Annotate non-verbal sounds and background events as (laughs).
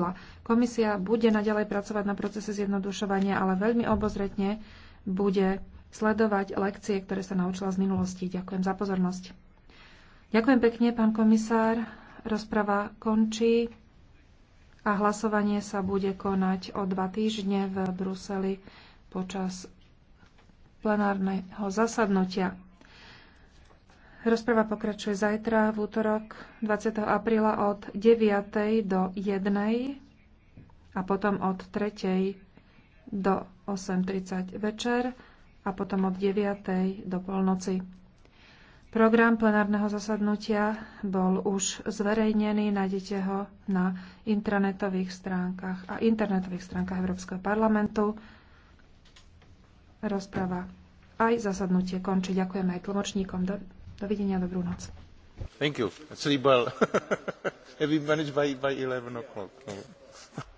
vypla. Komisia bude naďalej pracovať na procese zjednodušovania, ale veľmi obozretne bude sledovať lekcie, ktoré sa naučila z minulosti. Ďakujem za pozornosť. Ďakujem pekne, pán komisár. Rozprava končí a hlasovanie sa bude konať o dva týždne v Bruseli počas plenárneho zasadnutia. Rozprava pokračuje zajtra v útorok 20. apríla od 9. do 1. a potom od 3. do 8.30 večer a potom od 9. do polnoci. Program plenárneho zasadnutia bol už zverejnený, nájdete ho na intranetových stránkach a internetových stránkach Európskeho parlamentu. Rozprava aj zasadnutie končí. Ďakujem aj tlmočníkom. Dovidenia, dobrú noc. Thank you. Sleep well. (laughs) Have you managed by, by 11 o'clock. No.